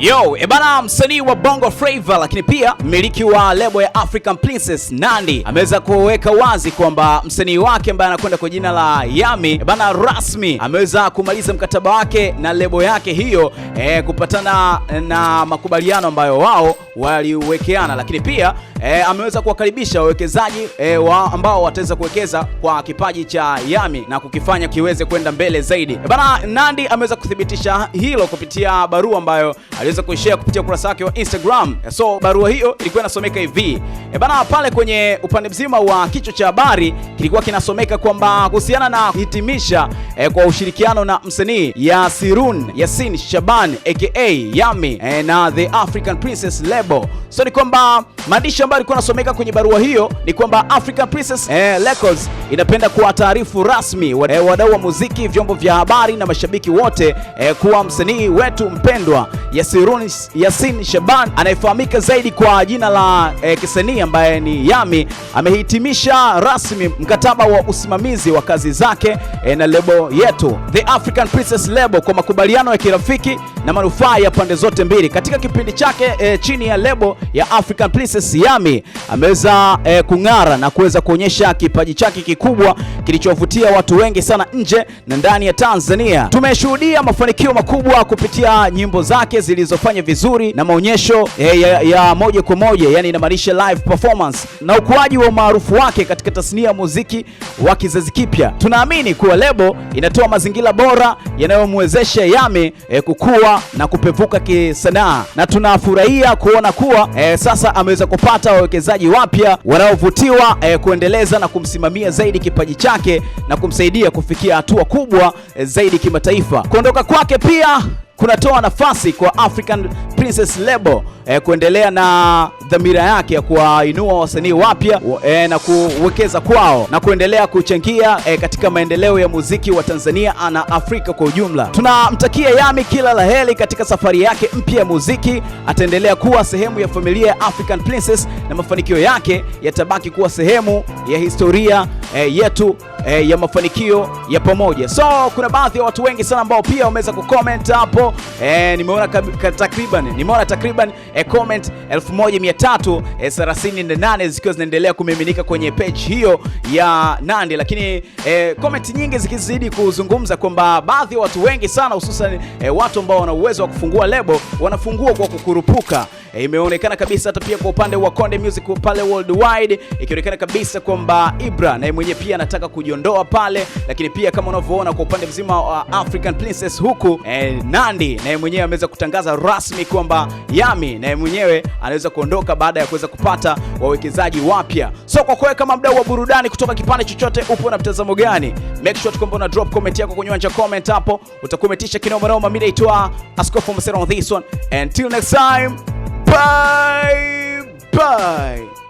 Yo, ebana msanii wa Bongo Flava lakini pia mmiliki wa lebo ya African Princess Nandy ameweza kuweka wazi kwamba msanii wake ambaye anakwenda kwa jina la Yammy ebana rasmi ameweza kumaliza mkataba wake na lebo yake hiyo e, kupatana na makubaliano ambayo wao waliwekeana, lakini pia e, ameweza kuwakaribisha wawekezaji e, wa ambao wataweza kuwekeza kwa kipaji cha Yammy na kukifanya kiweze kwenda mbele zaidi. Ebana Nandy ameweza kuthibitisha hilo kupitia barua ambayo aliweza kuishare kupitia ukurasa wake wa Instagram. So barua hiyo ilikuwa inasomeka hivi e bana, pale kwenye upande mzima wa kichwa cha habari kilikuwa kinasomeka kwamba kuhusiana na hitimisha e, kwa ushirikiano na msanii Yasirun Yasin Shaban aka Yami e, na The African Princess Label. So ni kwamba maandishi ambayo alikuwa anasomeka kwenye barua hiyo ni kwamba African Princess e, Records inapenda taarifu rasmi e, wadau wa muziki, vyombo vya habari na mashabiki wote e, kuwa msanii wetu mpendwa Yasirun Yasin Shaban anayefahamika zaidi kwa jina la e, kisanii ambaye ni Yami amehitimisha rasmi mkataba wa usimamizi wa kazi zake e, na lebo yetu The African Princess Label kwa makubaliano ya kirafiki na manufaa ya pande zote mbili. Katika kipindi chake e, chini ya lebo ya African Princess Yami ameweza e, kung'ara na kuweza kuonyesha kipaji chake kikubwa kilichovutia watu wengi sana nje na ndani ya Tanzania. Tumeshuhudia mafanikio makubwa kupitia nyimbo zake zilizofanya vizuri na maonyesho e, ya, ya moja kwa moja, yani inamaanisha live performance na ukuaji wa umaarufu wake katika tasnia ya muziki wa kizazi kipya. Tunaamini kuwa lebo inatoa mazingira bora yanayomwezesha Yami e, kukua na kupevuka kisanaa, na tunafurahia kuona kuwa e, sasa ameweza kupata wawekezaji wapya wanaovutiwa e, kuendeleza na kumsimamia zaidi kipaji chake na kumsaidia kufikia hatua kubwa e, zaidi kimataifa. Kuondoka kwake pia kunatoa nafasi kwa African Princess Lebo e, kuendelea na dhamira yake ya kuwainua wasanii wapya e, na kuwekeza kwao na kuendelea kuchangia e, katika maendeleo ya muziki wa Tanzania na Afrika kwa ujumla. Tunamtakia yami kila la heli katika safari yake mpya ya muziki. Ataendelea kuwa sehemu ya familia ya African Princess na mafanikio yake yatabaki kuwa sehemu ya historia e, yetu eh, ya mafanikio ya pamoja. So kuna baadhi ya watu wengi sana ambao pia wameweza kucomment hapo eh, nimeona takriban nimeona takriban eh, comment 1338 eh, zikiwa zinaendelea kumiminika kwenye page hiyo ya Nandy, lakini eh, comment nyingi zikizidi kuzungumza kwamba baadhi ya watu wengi sana hususan eh, watu ambao wana uwezo wa kufungua lebo wanafungua kwa kukurupuka e, imeonekana kabisa hata pia kwa upande wa Konde Music pale worldwide, ikionekana kabisa kwamba Ibra naye eh, mwenyewe pia anataka kujiondoa pale, lakini pia kama unavyoona kwa upande mzima wa African Princess huku e, Nandi naye mwenyewe ameweza kutangaza rasmi kwamba Yami naye mwenyewe anaweza kuondoka baada ya kuweza kupata wawekezaji wapya. So kwa kweli kama mdau wa burudani kutoka kipande chochote, upo na mtazamo gani? Make sure tukomba una drop comment yako kwenye uwanja comment hapo, utakumetisha kinoma noma. Mimi naitwa Askofu Msero on this one. Until next time. Bye bye.